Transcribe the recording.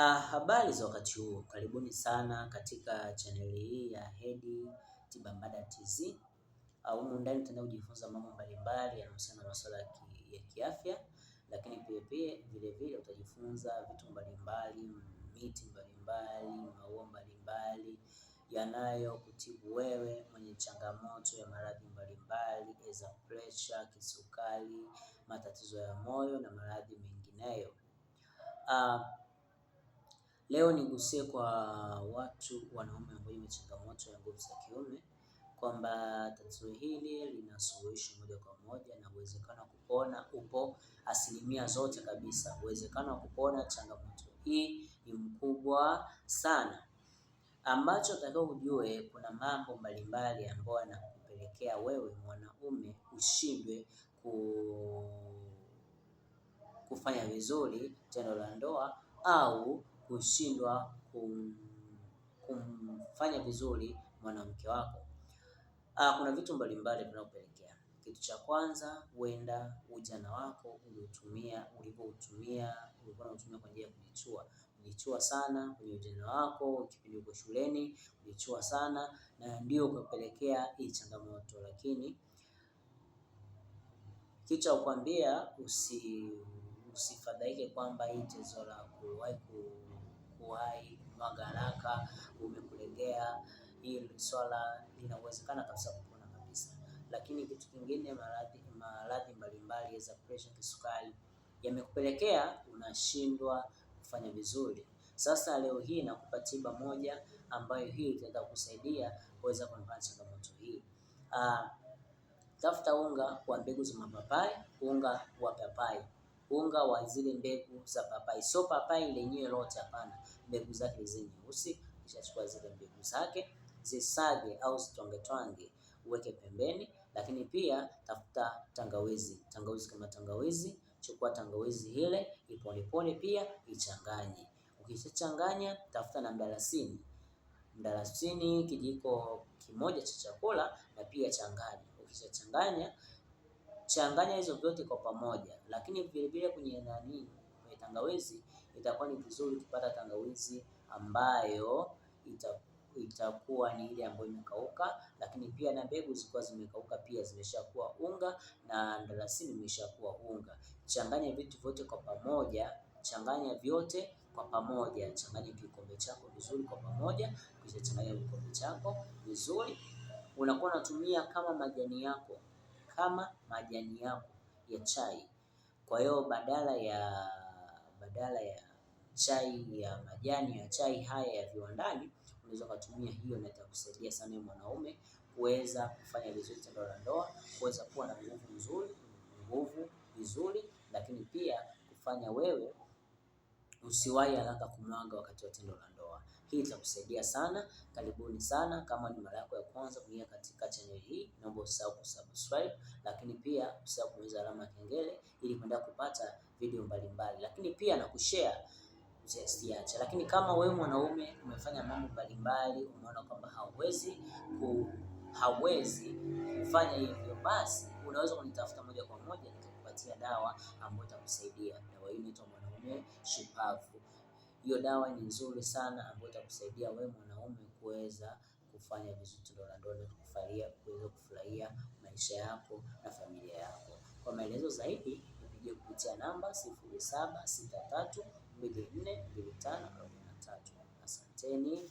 Uh, habari za wakati huo karibuni sana katika chaneli hii ya Hedi Tiba Mbadala TZ. Ah, humu uh, ndani tutaenda kujifunza mambo mbalimbali yanayohusiana na masuala ya kiafya, lakini pia pia vile vile utajifunza vitu mbalimbali, miti mbalimbali, maua mbalimbali yanayokutibu wewe mwenye changamoto ya maradhi mbalimbali, za pressure, kisukari, matatizo ya moyo na maradhi mengineyo uh, Leo nigusie kwa watu wanaume ambao wenye changamoto ya nguvu za kiume kwamba tatizo hili lina suluhisho moja kwa moja, na uwezekano wa kupona upo asilimia zote kabisa. Uwezekano wa kupona changamoto hii ni mkubwa sana. Ambacho takiwa ujue, kuna mambo mbalimbali ambayo yanakupelekea wewe mwanaume ushindwe ku kufanya vizuri tendo la ndoa au kushindwa kum, kumfanya vizuri mwanamke wako. Aa, ah, kuna vitu mbalimbali vinavyopelekea. Kitu cha kwanza, huenda ujana wako uliotumia ulivyotumia ulikuwa unatumia kwa njia ya kujichua kujichua sana kwenye ujana wako, kipindi uko shuleni kujichua sana, na ndio ukapelekea hii changamoto. Lakini kitu cha kukwambia usi, usifadhaike kwamba hii tezo la kuwahi hili swala linawezekana kabisa kupona kabisa. Lakini kitu kingine, maradhi maradhi mbalimbali za pressure, kisukari yamekupelekea unashindwa kufanya vizuri. Sasa leo hii nakupa tiba moja ambayo hii itaweza kusaidia kuweza kupambana changamoto hii. Uh, tafuta unga wa mbegu za mapapai, unga wa papai, unga wa zile mbegu za papai, sio papai lenyewe lote, hapana, mbegu zake zile nyeusi. chukua zile mbegu zake, zisage au zitwangetwange, uweke pembeni. Lakini pia tafuta tangawizi, tangawizi kama tangawizi, chukua tangawizi ile iponepone, pia ichanganye. Ukishachanganya tafuta na mdalasini, mdalasini kijiko kimoja cha chakula, na pia changanya. Ukishachanganya changanya hizo vyote kwa pamoja, lakini vilevile kwenye nani, kwenye tangawizi itakuwa ni vizuri kupata tangawizi ambayo itakuwa itakuwa ni ile ambayo imekauka, lakini pia na mbegu zikuwa zimekauka pia zimeshakuwa unga na mdalasini imeshakuwa unga. Changanya vitu vyote kwa pamoja, changanya vyote kwa pamoja, changanya kikombe chako vizuri kwa pamoja, kisha changanya kikombe chako vizuri. Unakuwa unatumia kama majani yako kama majani yako ya chai. Kwa hiyo badala ya badala ya chai ya majani ya chai haya ya viwandani unaweza kutumia hiyo, na itakusaidia sana mwanaume kuweza kufanya vizuri tendo la ndoa, kuweza kuwa na nguvu nzuri, nguvu vizuri, lakini pia kufanya wewe usiwahi haraka kumwaga wakati wa tendo la ndoa. Hii itakusaidia sana. Karibuni sana. Kama ni mara yako ya kwanza kuingia katika channel hii, naomba usahau kusubscribe, lakini pia usahau kuweza alama ya kengele ili kuendelea kupata video mbalimbali mbali. Lakini pia na kushare usiache. Lakini kama wewe mwanaume umefanya mambo mbalimbali, umeona kwamba hauwezi ku, hauwezi kufanya hivyo, basi unaweza kunitafuta moja kwa moja nikakupatia dawa ambayo itakusaidia. Dawa hii inaitwa Mwanaume Shupavu. Hiyo dawa ni nzuri sana, ambayo itakusaidia wewe mwanaume kuweza kufanya vizuri ndoandoa, kufalia kuweza kufurahia maisha yako na familia yako. Kwa maelezo zaidi, nipigie kupitia namba sifuri saba sita tatu mbili nne mbili tano arobaini na tatu. Asanteni.